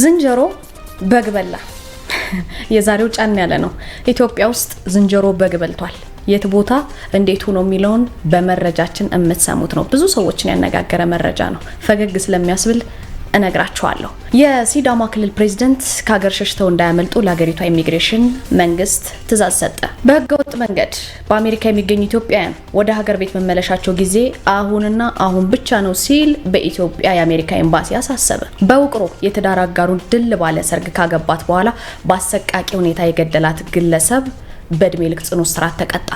ዝንጀሮ በግ በላ። የዛሬው ጫን ያለ ነው። ኢትዮጵያ ውስጥ ዝንጀሮ በግ በልቷል። የት ቦታ እንዴት ሆኖ የሚለውን በመረጃችን የምትሰሙት ነው። ብዙ ሰዎችን ያነጋገረ መረጃ ነው። ፈገግ ስለሚያስብል እነግራችኋለሁ። የሲዳማ ክልል ፕሬዝደንት ከሀገር ሸሽተው እንዳያመልጡ ለሀገሪቷ ኢሚግሬሽን መንግስት ትእዛዝ ሰጠ። በህገወጥ መንገድ በአሜሪካ የሚገኙ ኢትዮጵያውያን ወደ ሀገር ቤት መመለሻቸው ጊዜ አሁንና አሁን ብቻ ነው ሲል በኢትዮጵያ የአሜሪካ ኤምባሲ አሳሰበ። በውቅሮ የትዳር አጋሩን ድል ባለ ሰርግ ካገባት በኋላ በአሰቃቂ ሁኔታ የገደላት ግለሰብ በእድሜ ልክ ጽኑ እስራት ተቀጣ።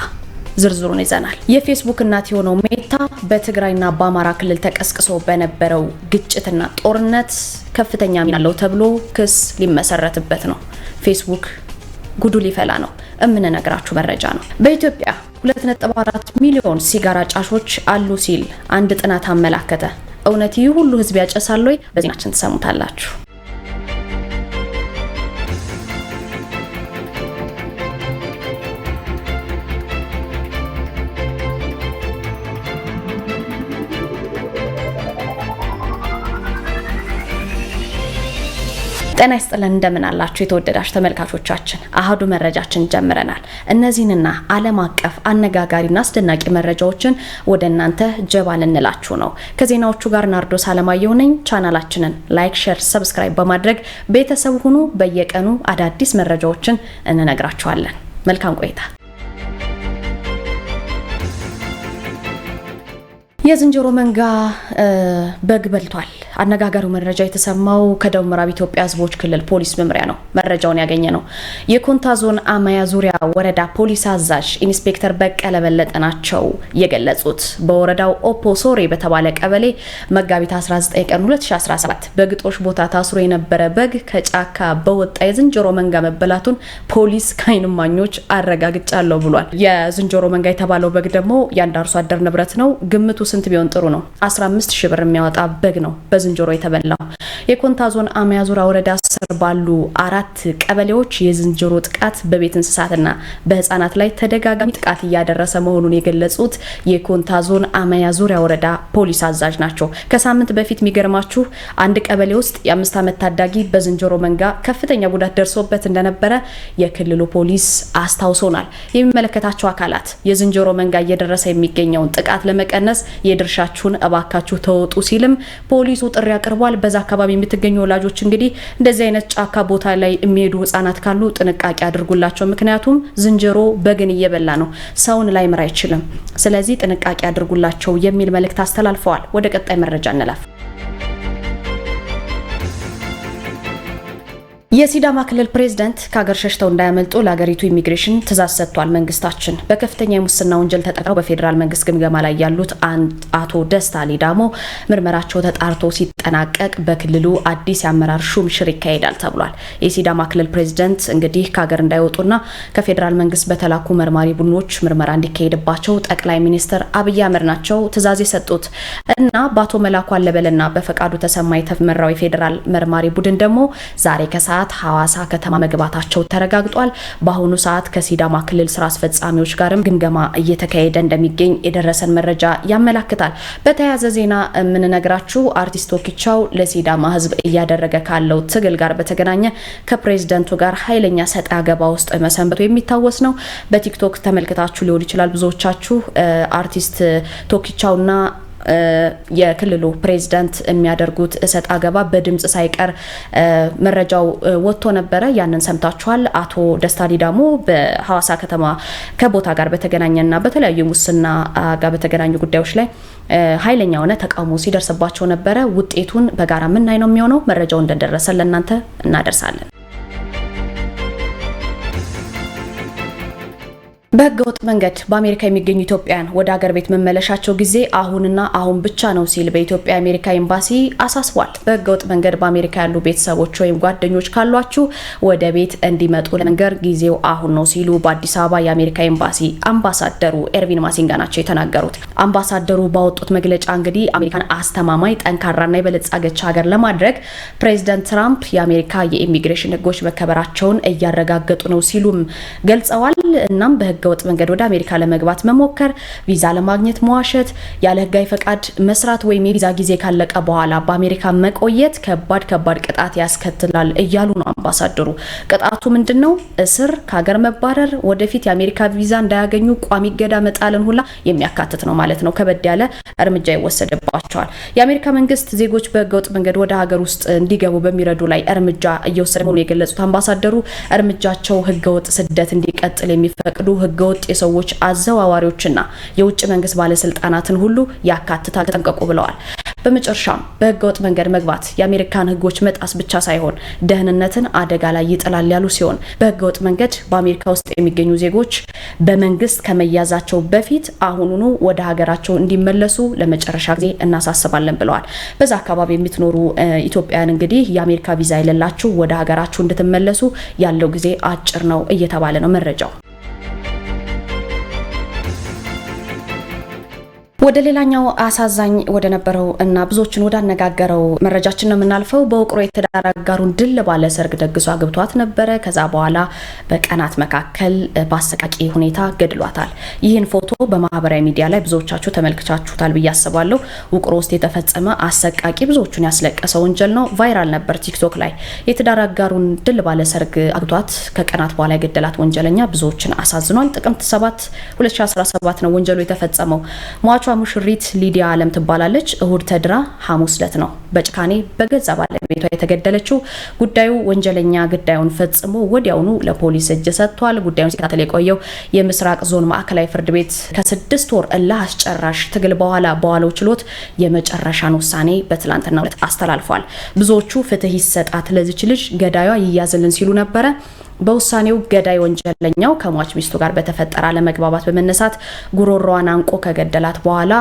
ዝርዝሩን ይዘናል። የፌስቡክ እናት የሆነው ሜታ በትግራይና በአማራ ክልል ተቀስቅሶ በነበረው ግጭትና ጦርነት ከፍተኛ ሚና አለው ተብሎ ክስ ሊመሰረትበት ነው። ፌስቡክ ጉዱ ሊፈላ ነው። እምንነግራችሁ መረጃ ነው። በኢትዮጵያ 2.4 ሚሊዮን ሲጋራ ጫሾች አሉ ሲል አንድ ጥናት አመላከተ። እውነት ይህ ሁሉ ህዝብ ያጨሳል ወይ? በዜናችን ትሰሙታላችሁ። ጤና ይስጥልን እንደምን አላችሁ የተወደዳችሁ ተመልካቾቻችን፣ አህዱ መረጃችን ጀምረናል። እነዚህንና ዓለም አቀፍ አነጋጋሪና አስደናቂ መረጃዎችን ወደ እናንተ ጀባ ልንላችሁ ነው። ከዜናዎቹ ጋር ናርዶስ አለማየሁ ነኝ። ቻናላችንን ላይክ፣ ሼር፣ ሰብስክራይብ በማድረግ ቤተሰብ ሁኑ። በየቀኑ አዳዲስ መረጃዎችን እንነግራችኋለን። መልካም ቆይታ የዝንጀሮ መንጋ በግ በልቷል። አነጋጋሪው መረጃ የተሰማው ከደቡብ ምዕራብ ኢትዮጵያ ሕዝቦች ክልል ፖሊስ መምሪያ ነው። መረጃውን ያገኘ ነው። የኮንታ ዞን አማያ ዙሪያ ወረዳ ፖሊስ አዛዥ ኢንስፔክተር በቀለ በለጠ ናቸው የገለጹት። በወረዳው ኦፖ ሶሬ በተባለ ቀበሌ መጋቢት 19 ቀን 2017 በግጦሽ ቦታ ታስሮ የነበረ በግ ከጫካ በወጣ የዝንጀሮ መንጋ መበላቱን ፖሊስ ከአይን እማኞች አረጋግጫለሁ ብሏል። የዝንጀሮ መንጋ የተባለው በግ ደግሞ የአንድ አርሶ አደር ንብረት ነው። ግምቱ ስንት ቢሆን ጥሩ ነው? 15 ሺህ ብር የሚያወጣ በግ ነው በዝንጀሮ የተበላው። የኮንታ ዞን አሚያዙራ ወረዳ ስር ባሉ አራት ቀበሌዎች የዝንጀሮ ጥቃት በቤት እንስሳትና በህፃናት ላይ ተደጋጋሚ ጥቃት እያደረሰ መሆኑን የገለጹት የኮንታ ዞን አሚያዙሪያ ወረዳ ፖሊስ አዛዥ ናቸው። ከሳምንት በፊት የሚገርማችሁ አንድ ቀበሌ ውስጥ የአምስት ዓመት ታዳጊ በዝንጀሮ መንጋ ከፍተኛ ጉዳት ደርሶበት እንደነበረ የክልሉ ፖሊስ አስታውሶናል። የሚመለከታቸው አካላት የዝንጀሮ መንጋ እየደረሰ የሚገኘውን ጥቃት ለመቀነስ የድርሻችሁን እባካችሁ ተወጡ ሲልም ፖሊሱ ጥሪ አቅርቧል። በዛ አካባቢ የምትገኙ ወላጆች እንግዲህ እንደዚህ አይነት ጫካ ቦታ ላይ የሚሄዱ ህጻናት ካሉ ጥንቃቄ አድርጉላቸው። ምክንያቱም ዝንጀሮ በግን እየበላ ነው፣ ሰውን ላይምር አይችልም። ስለዚህ ጥንቃቄ አድርጉላቸው የሚል መልእክት አስተላልፈዋል። ወደ ቀጣይ መረጃ እንላፍ። የሲዳማ ክልል ፕሬዝደንት ከሀገር ሸሽተው እንዳያመልጡ ለሀገሪቱ ኢሚግሬሽን ትእዛዝ ሰጥቷል። መንግስታችን በከፍተኛ የሙስና ወንጀል ተጠቅረው በፌዴራል መንግስት ግምገማ ላይ ያሉት አቶ ደስታ ሊዳሞ ምርመራቸው ተጣርቶ ሲጠናቀቅ በክልሉ አዲስ የአመራር ሹም ሽር ይካሄዳል ተብሏል። የሲዳማ ክልል ፕሬዝደንት እንግዲህ ከሀገር እንዳይወጡና ከፌዴራል መንግስት በተላኩ መርማሪ ቡድኖች ምርመራ እንዲካሄድባቸው ጠቅላይ ሚኒስትር አብይ አህመድ ናቸው ትእዛዝ የሰጡት እና በአቶ መላኩ አለበለና በፈቃዱ ተሰማ የተመራው የፌዴራል መርማሪ ቡድን ደግሞ ዛሬ ከሳ ሰዓት ሐዋሳ ከተማ መግባታቸው ተረጋግጧል። በአሁኑ ሰዓት ከሲዳማ ክልል ስራ አስፈጻሚዎች ጋርም ግምገማ እየተካሄደ እንደሚገኝ የደረሰን መረጃ ያመላክታል። በተያያዘ ዜና የምንነግራችሁ አርቲስት ወኪቻው ለሲዳማ ህዝብ እያደረገ ካለው ትግል ጋር በተገናኘ ከፕሬዝደንቱ ጋር ኃይለኛ ሰጠ አገባ ውስጥ መሰንበቱ የሚታወስ ነው። በቲክቶክ ተመልክታችሁ ሊሆን ይችላል ብዙዎቻችሁ አርቲስት ቶኪቻውና የክልሉ ፕሬዝዳንት የሚያደርጉት እሰጥ አገባ በድምጽ ሳይቀር መረጃው ወጥቶ ነበረ። ያንን ሰምታችኋል። አቶ ደስታ ዲዳሞ በሐዋሳ ከተማ ከቦታ ጋር በተገናኘና በተለያዩ ሙስና ጋር በተገናኙ ጉዳዮች ላይ ኃይለኛ የሆነ ተቃውሞ ሲደርስባቸው ነበረ። ውጤቱን በጋራ ምናይ ነው የሚሆነው። መረጃው እንደደረሰ ለእናንተ እናደርሳለን። በህገወጥ መንገድ በአሜሪካ የሚገኙ ኢትዮጵያውያን ወደ አገር ቤት መመለሻቸው ጊዜ አሁንና አሁን ብቻ ነው ሲል በኢትዮጵያ አሜሪካ ኤምባሲ አሳስቧል። በህገወጥ መንገድ በአሜሪካ ያሉ ቤተሰቦች ወይም ጓደኞች ካሏችሁ ወደ ቤት እንዲመጡ ለመንገር ጊዜው አሁን ነው ሲሉ በአዲስ አበባ የአሜሪካ ኤምባሲ አምባሳደሩ ኤርቪን ማሲንጋ ናቸው የተናገሩት። አምባሳደሩ ባወጡት መግለጫ እንግዲህ አሜሪካን አስተማማኝ ጠንካራና የበለጸገች ሀገር ለማድረግ ፕሬዚደንት ትራምፕ የአሜሪካ የኢሚግሬሽን ህጎች መከበራቸውን እያረጋገጡ ነው ሲሉም ገልጸዋል። እናም በህገ በህገወጥ መንገድ ወደ አሜሪካ ለመግባት መሞከር፣ ቪዛ ለማግኘት መዋሸት፣ ያለ ህጋዊ ፈቃድ መስራት ወይም የቪዛ ጊዜ ካለቀ በኋላ በአሜሪካ መቆየት ከባድ ከባድ ቅጣት ያስከትላል እያሉ ነው አምባሳደሩ። ቅጣቱ ምንድን ነው? እስር፣ ከሀገር መባረር፣ ወደፊት የአሜሪካ ቪዛ እንዳያገኙ ቋሚ እገዳ መጣልን ሁላ የሚያካትት ነው ማለት ነው። ከበድ ያለ እርምጃ ይወሰድባቸዋል። የአሜሪካ መንግስት ዜጎች በህገወጥ መንገድ ወደ ሀገር ውስጥ እንዲገቡ በሚረዱ ላይ እርምጃ እየወሰደ መሆኑ የገለጹት አምባሳደሩ እርምጃቸው ህገወጥ ስደት እንዲቀጥል የሚፈቅዱ ህገወጥ የሰዎች አዘዋዋሪዎችና የውጭ መንግስት ባለስልጣናትን ሁሉ ያካትታል። ተጠንቀቁ ብለዋል። በመጨረሻም በህገወጥ መንገድ መግባት የአሜሪካን ህጎች መጣስ ብቻ ሳይሆን ደህንነትን አደጋ ላይ ይጥላል ያሉ ሲሆን በህገወጥ መንገድ በአሜሪካ ውስጥ የሚገኙ ዜጎች በመንግስት ከመያዛቸው በፊት አሁኑኑ ወደ ሀገራቸው እንዲመለሱ ለመጨረሻ ጊዜ እናሳስባለን ብለዋል። በዛ አካባቢ የምትኖሩ ኢትዮጵያውያን እንግዲህ የአሜሪካ ቪዛ የሌላችሁ ወደ ሀገራችሁ እንድትመለሱ ያለው ጊዜ አጭር ነው እየተባለ ነው መረጃው። ወደ ሌላኛው አሳዛኝ ወደ ነበረው እና ብዙዎችን ወዳነጋገረው መረጃችን ነው የምናልፈው። በውቅሮ የትዳር አጋሩን ድል ባለ ሰርግ ደግሶ አግብቷት ነበረ። ከዛ በኋላ በቀናት መካከል በአሰቃቂ ሁኔታ ገድሏታል። ይህን ፎቶ በማህበራዊ ሚዲያ ላይ ብዙዎቻችሁ ተመልክቻችሁታል ብዬ አስባለሁ። ውቅሮ ውስጥ የተፈጸመ አሰቃቂ ብዙዎቹን ያስለቀሰ ወንጀል ነው። ቫይራል ነበር ቲክቶክ ላይ። የትዳር አጋሩን ድል ባለ ሰርግ አግብቷት ከቀናት በኋላ የገደላት ወንጀለኛ ብዙዎችን አሳዝኗል። ጥቅምት 7 2017 ነው ወንጀሉ የተፈጸመው። የሟቿ ሙሽሪት ሊዲያ አለም ትባላለች። እሁድ ተድራ ሐሙስ ዕለት ነው በጭካኔ በገዛ ባለቤቷ የተገደለችው። ጉዳዩ ወንጀለኛ ግዳዩን ፈጽሞ ወዲያውኑ ለፖሊስ እጅ ሰጥቷል። ጉዳዩን ሲከታተል የቆየው የምስራቅ ዞን ማዕከላዊ ፍርድ ቤት ከስድስት ወር እልህ አስጨራሽ ትግል በኋላ በዋለው ችሎት የመጨረሻን ውሳኔ በትላንትናው ዕለት አስተላልፏል። ብዙዎቹ ፍትህ ይሰጣት ለዚች ልጅ ገዳዩ ይያዝልን ሲሉ ነበረ። በውሳኔው ገዳይ ወንጀለኛው ከሟች ሚስቱ ጋር በተፈጠረ አለመግባባት በመነሳት ጉሮሮዋን አንቆ ከገደላት በኋላ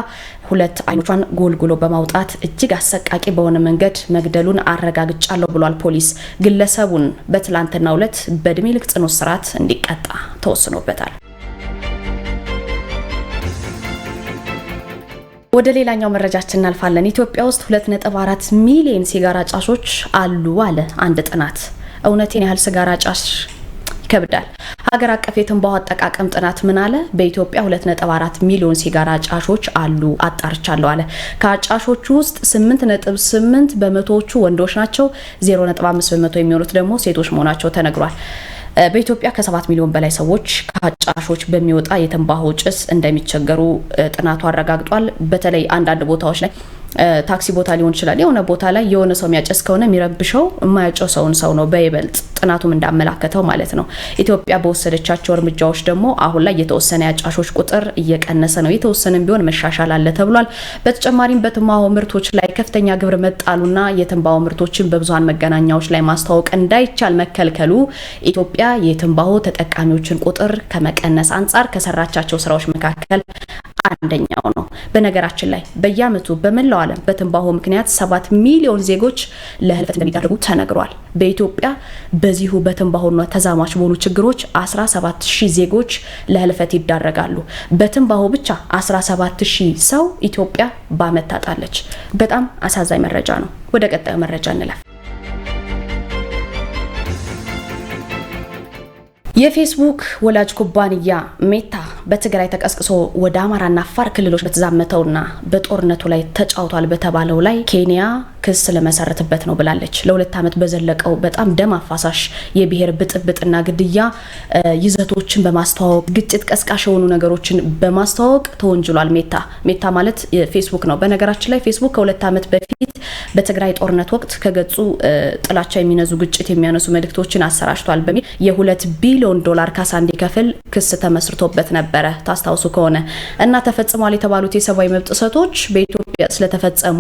ሁለት አይኖቿን ጎልጉሎ በማውጣት እጅግ አሰቃቂ በሆነ መንገድ መግደሉን አረጋግጫለሁ ብሏል ፖሊስ። ግለሰቡን በትላንትናው ዕለት በእድሜ ልክ ጽኑ እስራት እንዲቀጣ ተወስኖበታል። ወደ ሌላኛው መረጃችን እናልፋለን። ኢትዮጵያ ውስጥ 2.4 ሚሊዮን ሲጋራ ጫሾች አሉ አለ አንድ ጥናት። እውነቴን ያህል ስጋራ ጫሽ ይከብዳል። ሀገር አቀፍ የትንባሆ አጠቃቀም ጥናት ምን አለ? በኢትዮጵያ 2.4 ሚሊዮን ሲጋራ ጫሾች አሉ አጣርቻለሁ አለ። ከአጫሾቹ ውስጥ 8.8 በመቶዎቹ ወንዶች ናቸው። 0.5 በመቶ የሚሆኑት ደግሞ ሴቶች መሆናቸው ተነግሯል። በኢትዮጵያ ከ7 ሚሊዮን በላይ ሰዎች ከጫሾች በሚወጣ የትንባሆ ጭስ እንደሚቸገሩ ጥናቱ አረጋግጧል። በተለይ አንዳንድ ቦታዎች ላይ ታክሲ ቦታ ሊሆን ይችላል። የሆነ ቦታ ላይ የሆነ ሰው የሚያጨስ ከሆነ የሚረብሸው የማያጨው ሰውን ሰው ነው በይበልጥ ጥናቱም እንዳመላከተው ማለት ነው። ኢትዮጵያ በወሰደቻቸው እርምጃዎች ደግሞ አሁን ላይ የተወሰነ ያጫሾች ቁጥር እየቀነሰ ነው። የተወሰነም ቢሆን መሻሻል አለ ተብሏል። በተጨማሪም በትንባሆ ምርቶች ላይ ከፍተኛ ግብር መጣሉና የትንባሆ ምርቶችን በብዙሀን መገናኛዎች ላይ ማስተዋወቅ እንዳይቻል መከልከሉ ኢትዮጵያ የትንባሆ ተጠቃሚዎችን ቁጥር ከመቀነስ አንጻር ከሰራቻቸው ስራዎች መካከል አንደኛው ነው። በነገራችን ላይ በየአመቱ በመላው ዓለም በትንባሆ ምክንያት ሰባት ሚሊዮን ዜጎች ለህልፈት እንደሚዳርጉ ተነግሯል። በኢትዮጵያ በዚሁ በትንባሆና ተዛማች በሆኑ ችግሮች 17000 ዜጎች ለህልፈት ይዳረጋሉ። በትንባሆ ብቻ 17000 ሰው ኢትዮጵያ በአመት ታጣለች። በጣም አሳዛኝ መረጃ ነው። ወደ ቀጣዩ መረጃ እንለፍ። የፌስቡክ ወላጅ ኩባንያ ሜታ በትግራይ ተቀስቅሶ ወደ አማራና አፋር ክልሎች በተዛመተውና በጦርነቱ ላይ ተጫውቷል በተባለው ላይ ኬንያ ክስ ለመሰረትበት ነው ብላለች። ለሁለት ዓመት በዘለቀው በጣም ደም አፋሳሽ የብሔር ብጥብጥና ግድያ ይዘቶችን በማስተዋወቅ ግጭት ቀስቃሽ የሆኑ ነገሮችን በማስተዋወቅ ተወንጅሏል። ሜታ ሜታ ማለት ፌስቡክ ነው። በነገራችን ላይ ፌስቡክ ከሁለት ዓመት በፊት በትግራይ ጦርነት ወቅት ከገጹ ጥላቻ የሚነዙ ግጭት የሚያነሱ መልእክቶችን አሰራጭቷል በሚል የሁለት ቢሊዮን ዶላር ካሳ እንዲከፍል ክስ ተመስርቶበት ነበረ ታስታውሱ ከሆነ እና ተፈጽሟል የተባሉት የሰብአዊ መብት ጥሰቶች በኢትዮጵያ ስለተፈጸሙ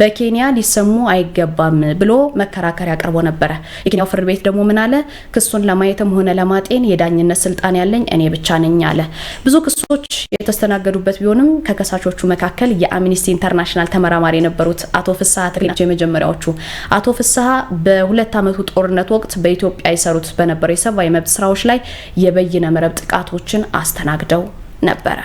በኬንያ ሊሰሙ አይገባም ብሎ መከራከሪያ አቅርቦ ነበረ። የኬንያው ፍርድ ቤት ደግሞ ምን አለ? ክሱን ለማየትም ሆነ ለማጤን የዳኝነት ስልጣን ያለኝ እኔ ብቻ ነኝ አለ። ብዙ ክሶች የተስተናገዱበት ቢሆንም ከከሳቾቹ መካከል የአምኒስቲ ኢንተርናሽናል ተመራማሪ የነበሩት አቶ ፍስሀ ተጠርጣሪ ናቸው። የመጀመሪያዎቹ አቶ ፍስሀ በሁለት አመቱ ጦርነት ወቅት በኢትዮጵያ ይሰሩት በነበረው የሰብአዊ መብት ስራዎች ላይ የበይነ መረብ ጥቃቶችን አስተናግደው ነበረ።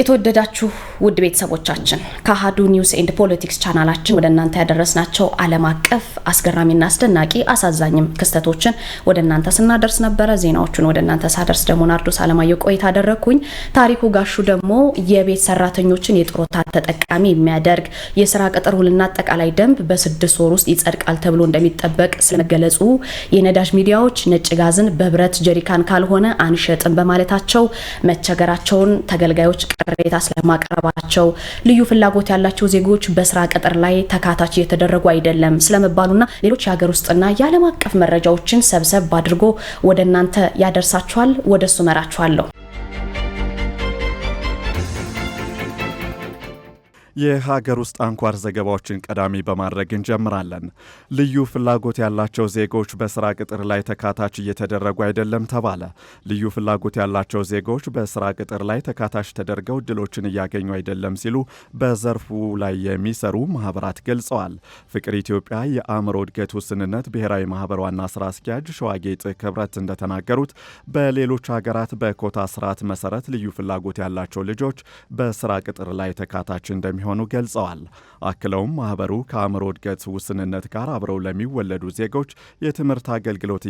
የተወደዳችሁ ውድ ቤተሰቦቻችን ከአሀዱ ኒውስ ኤንድ ፖለቲክስ ቻናላችን ወደ እናንተ ያደረስናቸው ዓለም አቀፍ አስገራሚና አስደናቂ አሳዛኝም ክስተቶችን ወደ እናንተ ስናደርስ ነበረ። ዜናዎቹን ወደ እናንተ ሳደርስ ደግሞ ናርዶስ አለማየሁ ቆይታ አደረግኩኝ። ታሪኩ ጋሹ ደግሞ የቤት ሰራተኞችን የጥሮታ ተጠቃሚ የሚያደርግ የስራ ቅጥር ውልና አጠቃላይ ደንብ በስድስት ወር ውስጥ ይጸድቃል ተብሎ እንደሚጠበቅ ስለመገለጹ የነዳጅ ሚዲያዎች ነጭ ጋዝን በብረት ጀሪካን ካልሆነ አንሸጥም በማለታቸው መቸገራቸውን ተገልጋዮች ቅሬታ ስለማቀረባ ናቸው። ልዩ ፍላጎት ያላቸው ዜጎች በስራ ቅጥር ላይ ተካታች እየተደረጉ አይደለም ስለመባሉና ሌሎች የሀገር ውስጥና የዓለም አቀፍ መረጃዎችን ሰብሰብ አድርጎ ወደ እናንተ ያደርሳችኋል። ወደ እሱ መራችኋለሁ። የሀገር ውስጥ አንኳር ዘገባዎችን ቀዳሚ በማድረግ እንጀምራለን። ልዩ ፍላጎት ያላቸው ዜጎች በስራ ቅጥር ላይ ተካታች እየተደረጉ አይደለም ተባለ። ልዩ ፍላጎት ያላቸው ዜጎች በስራ ቅጥር ላይ ተካታች ተደርገው እድሎችን እያገኙ አይደለም ሲሉ በዘርፉ ላይ የሚሰሩ ማህበራት ገልጸዋል። ፍቅር ኢትዮጵያ የአእምሮ እድገት ውስንነት ብሔራዊ ማህበር ዋና ስራ አስኪያጅ ሸዋጌጥ ክብረት እንደተናገሩት በሌሎች ሀገራት በኮታ ስርዓት መሰረት ልዩ ፍላጎት ያላቸው ልጆች በስራ ቅጥር ላይ ተካታች እንደሚ እንደሚሆኑ ገልጸዋል። አክለውም ማህበሩ ከአእምሮ እድገት ውስንነት ጋር አብረው ለሚወለዱ ዜጎች የትምህርት አገልግሎት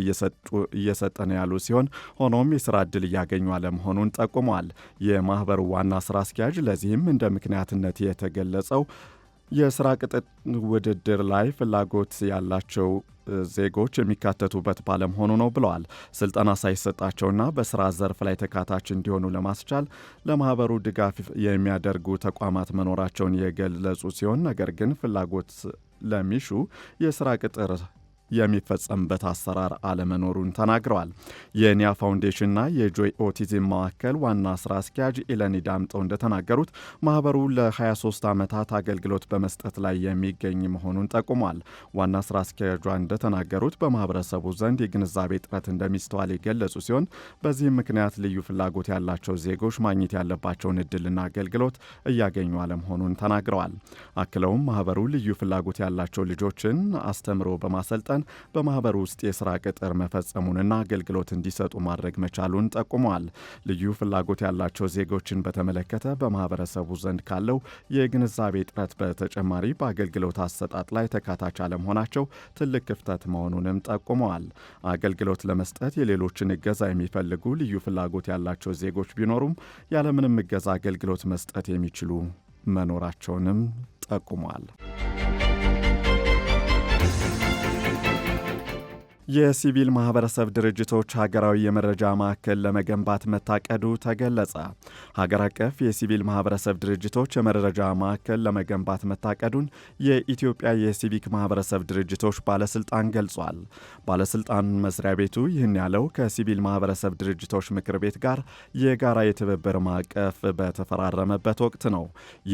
እየሰጠ ነው ያሉ ሲሆን ሆኖም የስራ ዕድል እያገኙ አለመሆኑን ጠቁመዋል። የማህበሩ ዋና ስራ አስኪያጅ ለዚህም እንደ ምክንያትነት የተገለጸው የስራ ቅጥር ውድድር ላይ ፍላጎት ያላቸው ዜጎች የሚካተቱበት ባለመሆኑ ነው ብለዋል። ስልጠና ሳይሰጣቸውና በስራ ዘርፍ ላይ ተካታች እንዲሆኑ ለማስቻል ለማህበሩ ድጋፍ የሚያደርጉ ተቋማት መኖራቸውን የገለጹ ሲሆን ነገር ግን ፍላጎት ለሚሹ የስራ ቅጥር የሚፈጸምበት አሰራር አለመኖሩን ተናግረዋል። የኒያ ፋውንዴሽንና የጆይ ኦቲዝም ማዕከል ዋና ስራ አስኪያጅ ኢለኒ ዳምጠው እንደተናገሩት ማህበሩ ለ23 ዓመታት አገልግሎት በመስጠት ላይ የሚገኝ መሆኑን ጠቁሟል። ዋና ስራ አስኪያጇ እንደተናገሩት በማህበረሰቡ ዘንድ የግንዛቤ ጥረት እንደሚስተዋል የገለጹ ሲሆን በዚህም ምክንያት ልዩ ፍላጎት ያላቸው ዜጎች ማግኘት ያለባቸውን እድልና አገልግሎት እያገኙ አለመሆኑን ተናግረዋል። አክለውም ማህበሩ ልዩ ፍላጎት ያላቸው ልጆችን አስተምሮ በማሰልጠ መጠን በማህበር ውስጥ የስራ ቅጥር መፈጸሙንና አገልግሎት እንዲሰጡ ማድረግ መቻሉን ጠቁመዋል። ልዩ ፍላጎት ያላቸው ዜጎችን በተመለከተ በማህበረሰቡ ዘንድ ካለው የግንዛቤ ጥረት በተጨማሪ በአገልግሎት አሰጣጥ ላይ ተካታች አለመሆናቸው ትልቅ ክፍተት መሆኑንም ጠቁመዋል። አገልግሎት ለመስጠት የሌሎችን እገዛ የሚፈልጉ ልዩ ፍላጎት ያላቸው ዜጎች ቢኖሩም ያለምንም እገዛ አገልግሎት መስጠት የሚችሉ መኖራቸውንም ጠቁመዋል። የሲቪል ማህበረሰብ ድርጅቶች ሀገራዊ የመረጃ ማዕከል ለመገንባት መታቀዱ ተገለጸ። ሀገር አቀፍ የሲቪል ማህበረሰብ ድርጅቶች የመረጃ ማዕከል ለመገንባት መታቀዱን የኢትዮጵያ የሲቪክ ማህበረሰብ ድርጅቶች ባለስልጣን ገልጿል። ባለስልጣን መስሪያ ቤቱ ይህን ያለው ከሲቪል ማህበረሰብ ድርጅቶች ምክር ቤት ጋር የጋራ የትብብር ማዕቀፍ በተፈራረመበት ወቅት ነው።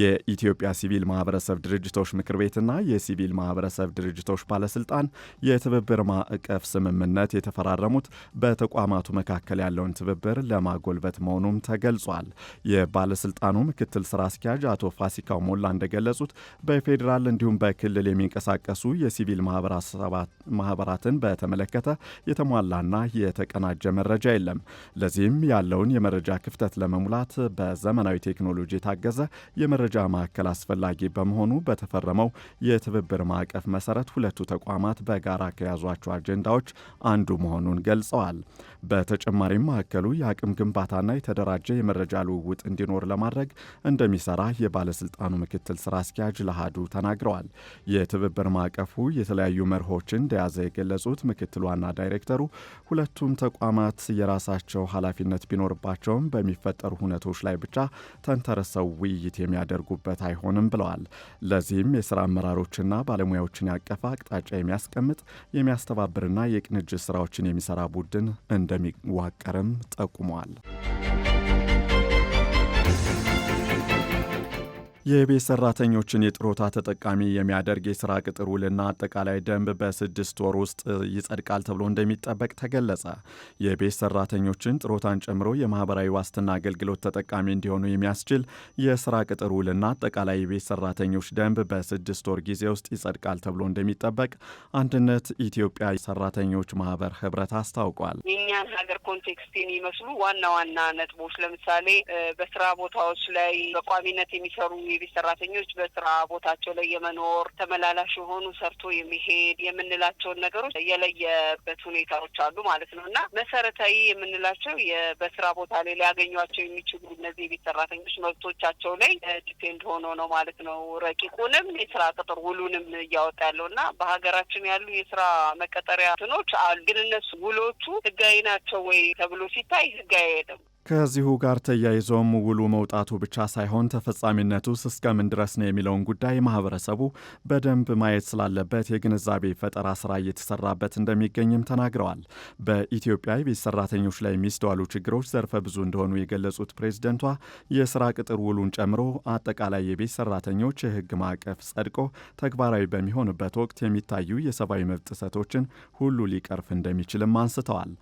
የኢትዮጵያ ሲቪል ማህበረሰብ ድርጅቶች ምክር ቤትና የሲቪል ማህበረሰብ ድርጅቶች ባለስልጣን የትብብር ማዕቀፍ አቀፍ ስምምነት የተፈራረሙት በተቋማቱ መካከል ያለውን ትብብር ለማጎልበት መሆኑም ተገልጿል። የባለስልጣኑ ምክትል ስራ አስኪያጅ አቶ ፋሲካው ሞላ እንደገለጹት በፌዴራል እንዲሁም በክልል የሚንቀሳቀሱ የሲቪል ማህበራትን በተመለከተ የተሟላና የተቀናጀ መረጃ የለም። ለዚህም ያለውን የመረጃ ክፍተት ለመሙላት በዘመናዊ ቴክኖሎጂ የታገዘ የመረጃ ማዕከል አስፈላጊ በመሆኑ በተፈረመው የትብብር ማዕቀፍ መሰረት ሁለቱ ተቋማት በጋራ ከያዟቸው አጀንዳ አጀንዳዎች አንዱ መሆኑን ገልጸዋል። በተጨማሪም ማዕከሉ የአቅም ግንባታና የተደራጀ የመረጃ ልውውጥ እንዲኖር ለማድረግ እንደሚሰራ የባለስልጣኑ ምክትል ስራ አስኪያጅ ለሃዱ ተናግረዋል። የትብብር ማዕቀፉ የተለያዩ መርሆችን እንደያዘ የገለጹት ምክትል ዋና ዳይሬክተሩ ሁለቱም ተቋማት የራሳቸው ኃላፊነት ቢኖርባቸውም በሚፈጠሩ ሁነቶች ላይ ብቻ ተንተረሰው ውይይት የሚያደርጉበት አይሆንም ብለዋል። ለዚህም የስራ አመራሮችና ባለሙያዎችን ያቀፈ አቅጣጫ የሚያስቀምጥ የሚያስተባብርና የቅንጅት ስራዎችን የሚሰራ ቡድን እንደሚዋቀርም ጠቁመዋል። የቤት ሰራተኞችን የጥሮታ ተጠቃሚ የሚያደርግ የስራ ቅጥር ውልና አጠቃላይ ደንብ በስድስት ወር ውስጥ ይጸድቃል ተብሎ እንደሚጠበቅ ተገለጸ። የቤት ሰራተኞችን ጥሮታን ጨምሮ የማህበራዊ ዋስትና አገልግሎት ተጠቃሚ እንዲሆኑ የሚያስችል የስራ ቅጥር ውልና አጠቃላይ የቤት ሰራተኞች ደንብ በስድስት ወር ጊዜ ውስጥ ይጸድቃል ተብሎ እንደሚጠበቅ አንድነት ኢትዮጵያ ሰራተኞች ማህበር ህብረት አስታውቋል። የእኛን ሀገር ኮንቴክስት የሚመስሉ ዋና ዋና ነጥቦች ለምሳሌ በስራ ቦታዎች ላይ በቋሚነት የሚሰሩ የቤት ሰራተኞች በስራ ቦታቸው ላይ የመኖር ተመላላሽ የሆኑ ሰርቶ የሚሄድ የምንላቸውን ነገሮች የለየበት ሁኔታዎች አሉ ማለት ነው እና መሰረታዊ የምንላቸው በስራ ቦታ ላይ ሊያገኟቸው የሚችሉ እነዚህ የቤት ሰራተኞች መብቶቻቸው ላይ ዲፔንድ ሆኖ ነው ማለት ነው ረቂቁንም የስራ ቅጥር ውሉንም እያወጣ ያለው እና በሀገራችን ያሉ የስራ መቀጠሪያ ትኖች አሉ። ግን እነሱ ውሎቹ ህጋዊ ናቸው ወይ ተብሎ ሲታይ ህጋዊ አይደለም። ከዚሁ ጋር ተያይዞም ውሉ መውጣቱ ብቻ ሳይሆን ተፈጻሚነቱ እስከምን ድረስ ነው የሚለውን ጉዳይ ማህበረሰቡ በደንብ ማየት ስላለበት የግንዛቤ ፈጠራ ስራ እየተሰራበት እንደሚገኝም ተናግረዋል። በኢትዮጵያ የቤት ሰራተኞች ላይ የሚስተዋሉ ችግሮች ዘርፈ ብዙ እንደሆኑ የገለጹት ፕሬዝደንቷ የስራ ቅጥር ውሉን ጨምሮ አጠቃላይ የቤት ሰራተኞች የህግ ማዕቀፍ ጸድቆ ተግባራዊ በሚሆንበት ወቅት የሚታዩ የሰብአዊ መብት ጥሰቶችን ሁሉ ሊቀርፍ እንደሚችልም አንስተዋል።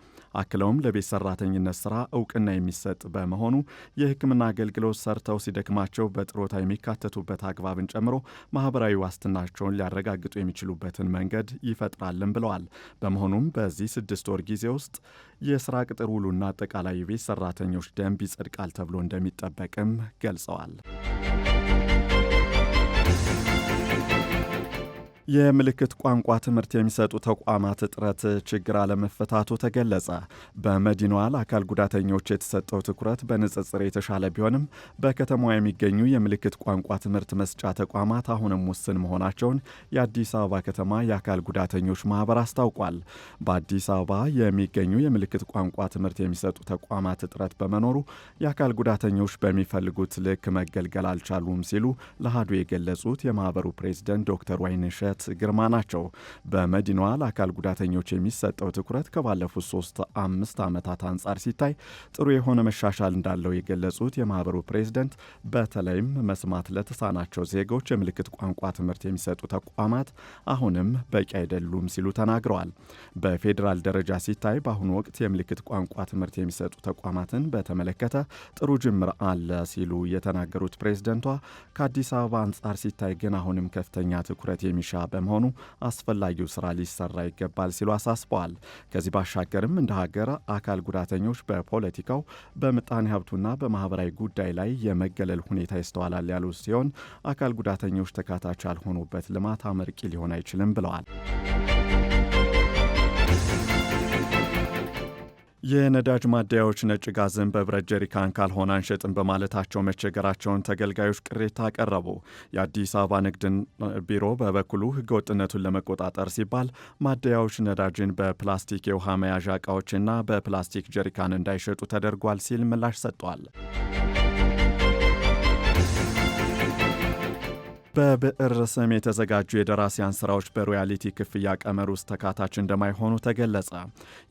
አክለውም ለቤት ሰራተኝነት ስራ እውቅና የሚሰጥ በመሆኑ የሕክምና አገልግሎት ሰርተው ሲደክማቸው በጥሮታ የሚካተቱበት አግባብን ጨምሮ ማህበራዊ ዋስትናቸውን ሊያረጋግጡ የሚችሉበትን መንገድ ይፈጥራልን ብለዋል። በመሆኑም በዚህ ስድስት ወር ጊዜ ውስጥ የስራ ቅጥር ውሉና አጠቃላይ የቤት ሰራተኞች ደንብ ይጸድቃል ተብሎ እንደሚጠበቅም ገልጸዋል። የምልክት ቋንቋ ትምህርት የሚሰጡ ተቋማት እጥረት ችግር አለመፈታቱ ተገለጸ። በመዲናዋ ለአካል ጉዳተኞች የተሰጠው ትኩረት በንጽጽር የተሻለ ቢሆንም በከተማዋ የሚገኙ የምልክት ቋንቋ ትምህርት መስጫ ተቋማት አሁንም ውስን መሆናቸውን የአዲስ አበባ ከተማ የአካል ጉዳተኞች ማህበር አስታውቋል። በአዲስ አበባ የሚገኙ የምልክት ቋንቋ ትምህርት የሚሰጡ ተቋማት እጥረት በመኖሩ የአካል ጉዳተኞች በሚፈልጉት ልክ መገልገል አልቻሉም ሲሉ ለአሃዱ የገለጹት የማህበሩ ፕሬዚደንት ዶክተር ዋይንሸት ምህረት ግርማ ናቸው። በመዲናዋ ለአካል ጉዳተኞች የሚሰጠው ትኩረት ከባለፉት ሶስት አምስት ዓመታት አንጻር ሲታይ ጥሩ የሆነ መሻሻል እንዳለው የገለጹት የማህበሩ ፕሬዝደንት በተለይም መስማት ለተሳናቸው ዜጎች የምልክት ቋንቋ ትምህርት የሚሰጡ ተቋማት አሁንም በቂ አይደሉም ሲሉ ተናግረዋል። በፌዴራል ደረጃ ሲታይ በአሁኑ ወቅት የምልክት ቋንቋ ትምህርት የሚሰጡ ተቋማትን በተመለከተ ጥሩ ጅምር አለ ሲሉ የተናገሩት ፕሬዝደንቷ ከአዲስ አበባ አንጻር ሲታይ ግን አሁንም ከፍተኛ ትኩረት የሚሻ በመሆኑ አስፈላጊው ስራ ሊሰራ ይገባል ሲሉ አሳስበዋል። ከዚህ ባሻገርም እንደ ሀገር አካል ጉዳተኞች በፖለቲካው በምጣኔ ሀብቱና በማህበራዊ ጉዳይ ላይ የመገለል ሁኔታ ይስተዋላል ያሉ ሲሆን አካል ጉዳተኞች ተካታች ያልሆኑበት ልማት አመርቂ ሊሆን አይችልም ብለዋል። የነዳጅ ማደያዎች ነጭ ጋዝን በብረት ጀሪካን ካልሆነ አንሸጥም በማለታቸው መቸገራቸውን ተገልጋዮች ቅሬታ አቀረቡ። የአዲስ አበባ ንግድ ቢሮ በበኩሉ ህገወጥነቱን ለመቆጣጠር ሲባል ማደያዎች ነዳጅን በፕላስቲክ የውሃ መያዣ እቃዎችና በፕላስቲክ ጀሪካን እንዳይሸጡ ተደርጓል ሲል ምላሽ ሰጥቷል። በብዕር ስም የተዘጋጁ የደራሲያን ስራዎች በሮያሊቲ ክፍያ ቀመር ውስጥ ተካታች እንደማይሆኑ ተገለጸ።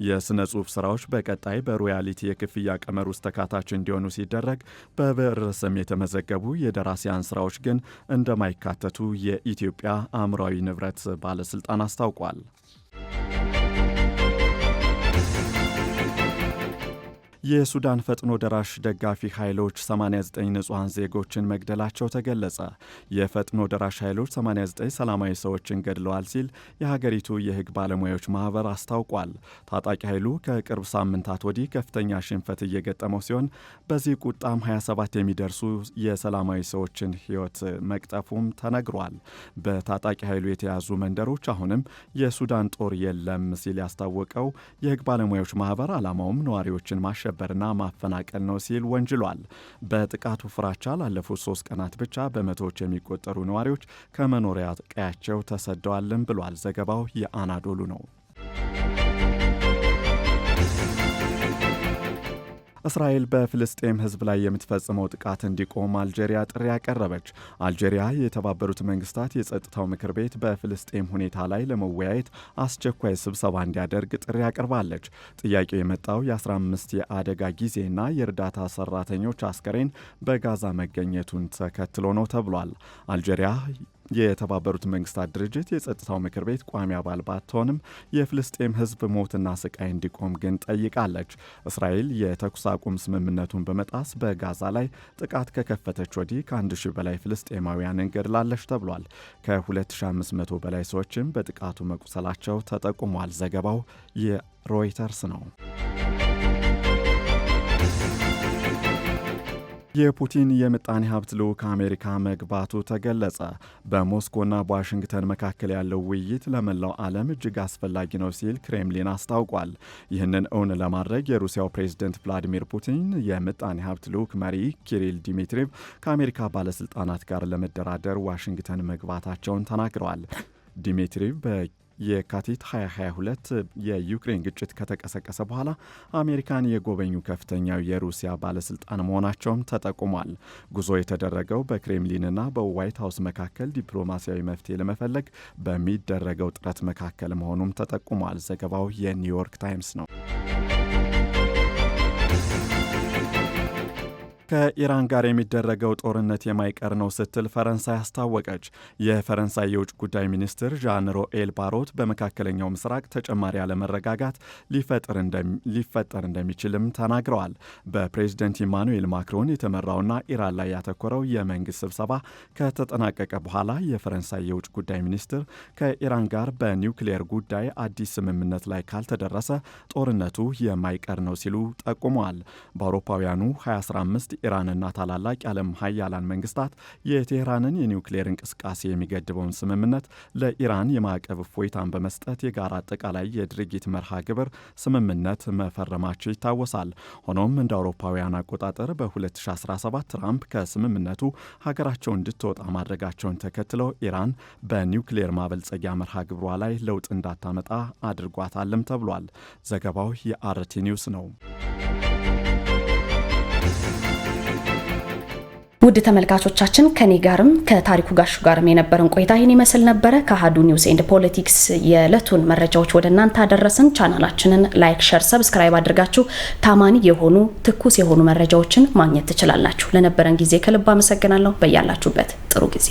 የሥነ ጽሑፍ ስራዎች በቀጣይ በሮያሊቲ የክፍያ ቀመር ውስጥ ተካታች እንዲሆኑ ሲደረግ፣ በብዕር ስም የተመዘገቡ የደራሲያን ስራዎች ግን እንደማይካተቱ የኢትዮጵያ አእምሯዊ ንብረት ባለሥልጣን አስታውቋል። የሱዳን ፈጥኖ ደራሽ ደጋፊ ኃይሎች 89 ንጹሐን ዜጎችን መግደላቸው ተገለጸ። የፈጥኖ ደራሽ ኃይሎች 89 ሰላማዊ ሰዎችን ገድለዋል ሲል የሀገሪቱ የሕግ ባለሙያዎች ማኅበር አስታውቋል። ታጣቂ ኃይሉ ከቅርብ ሳምንታት ወዲህ ከፍተኛ ሽንፈት እየገጠመው ሲሆን በዚህ ቁጣም 27 የሚደርሱ የሰላማዊ ሰዎችን ሕይወት መቅጠፉም ተነግሯል። በታጣቂ ኃይሉ የተያዙ መንደሮች አሁንም የሱዳን ጦር የለም ሲል ያስታወቀው የሕግ ባለሙያዎች ማኅበር ዓላማውም ነዋሪዎችን ማሸ ማስከበርና ማፈናቀል ነው ሲል ወንጅሏል። በጥቃቱ ፍራቻ ላለፉት ሶስት ቀናት ብቻ በመቶዎች የሚቆጠሩ ነዋሪዎች ከመኖሪያ ቀያቸው ተሰደዋልን ብሏል። ዘገባው የአናዶሉ ነው። እስራኤል በፍልስጤም ህዝብ ላይ የምትፈጽመው ጥቃት እንዲቆም አልጄሪያ ጥሪ ያቀረበች። አልጄሪያ የተባበሩት መንግስታት የጸጥታው ምክር ቤት በፍልስጤም ሁኔታ ላይ ለመወያየት አስቸኳይ ስብሰባ እንዲያደርግ ጥሪ አቅርባለች። ጥያቄው የመጣው የ15 የአደጋ ጊዜና የእርዳታ ሰራተኞች አስከሬን በጋዛ መገኘቱን ተከትሎ ነው ተብሏል። አልጄሪያ የተባበሩት መንግስታት ድርጅት የጸጥታው ምክር ቤት ቋሚ አባል ባትሆንም የፍልስጤም ህዝብ ሞትና ስቃይ እንዲቆም ግን ጠይቃለች። እስራኤል የተኩስ አቁም ስምምነቱን በመጣስ በጋዛ ላይ ጥቃት ከከፈተች ወዲህ ከአንድ ሺህ በላይ ፍልስጤማውያን እንገድላለች ተብሏል። ከ2500 በላይ ሰዎችም በጥቃቱ መቁሰላቸው ተጠቁሟል። ዘገባው የሮይተርስ ነው። የፑቲን የምጣኔ ሀብት ልዑክ አሜሪካ መግባቱ ተገለጸ። በሞስኮና በዋሽንግተን መካከል ያለው ውይይት ለመላው ዓለም እጅግ አስፈላጊ ነው ሲል ክሬምሊን አስታውቋል። ይህንን እውን ለማድረግ የሩሲያው ፕሬዝደንት ቭላዲሚር ፑቲን የምጣኔ ሀብት ልዑክ መሪ ኪሪል ዲሚትሪቭ ከአሜሪካ ባለስልጣናት ጋር ለመደራደር ዋሽንግተን መግባታቸውን ተናግረዋል። ዲሚትሪቭ የካቲት 2022 የዩክሬን ግጭት ከተቀሰቀሰ በኋላ አሜሪካን የጎበኙ ከፍተኛው የሩሲያ ባለስልጣን መሆናቸውም ተጠቁሟል። ጉዞ የተደረገው በክሬምሊንና በዋይት ሀውስ መካከል ዲፕሎማሲያዊ መፍትሄ ለመፈለግ በሚደረገው ጥረት መካከል መሆኑም ተጠቁሟል። ዘገባው የኒውዮርክ ታይምስ ነው። ከኢራን ጋር የሚደረገው ጦርነት የማይቀር ነው ስትል ፈረንሳይ አስታወቀች። የፈረንሳይ የውጭ ጉዳይ ሚኒስትር ዣን ሮኤል ባሮት በመካከለኛው ምስራቅ ተጨማሪ አለመረጋጋት ሊፈጠር እንደሚችልም ተናግረዋል። በፕሬዝደንት ኢማኑኤል ማክሮን የተመራውና ኢራን ላይ ያተኮረው የመንግስት ስብሰባ ከተጠናቀቀ በኋላ የፈረንሳይ የውጭ ጉዳይ ሚኒስትር ከኢራን ጋር በኒውክሌየር ጉዳይ አዲስ ስምምነት ላይ ካልተደረሰ ጦርነቱ የማይቀር ነው ሲሉ ጠቁመዋል። በአውሮፓውያኑ 2015 ኢራንና ታላላቅ የዓለም ሀያላን መንግስታት የቴህራንን የኒውክሌር እንቅስቃሴ የሚገድበውን ስምምነት ለኢራን የማዕቀብ እፎይታን በመስጠት የጋራ አጠቃላይ የድርጊት መርሃ ግብር ስምምነት መፈረማቸው ይታወሳል። ሆኖም እንደ አውሮፓውያን አቆጣጠር በ2017 ትራምፕ ከስምምነቱ ሀገራቸው እንድትወጣ ማድረጋቸውን ተከትለው ኢራን በኒውክሌር ማበልጸጊያ መርሃ ግብሯ ላይ ለውጥ እንዳታመጣ አድርጓታልም ተብሏል። ዘገባው የአርቲ ኒውስ ነው። ውድ ተመልካቾቻችን ከኔ ጋርም ከታሪኩ ጋሹ ጋርም የነበረን ቆይታ ይህን ይመስል ነበረ። ከአሀዱ ኒውስ ኤንድ ፖለቲክስ የዕለቱን መረጃዎች ወደ እናንተ አደረስን። ቻናላችንን ላይክ፣ ሸር፣ ሰብስክራይብ አድርጋችሁ ታማኒ የሆኑ ትኩስ የሆኑ መረጃዎችን ማግኘት ትችላላችሁ። ለነበረን ጊዜ ከልብ አመሰግናለሁ። በያላችሁበት ጥሩ ጊዜ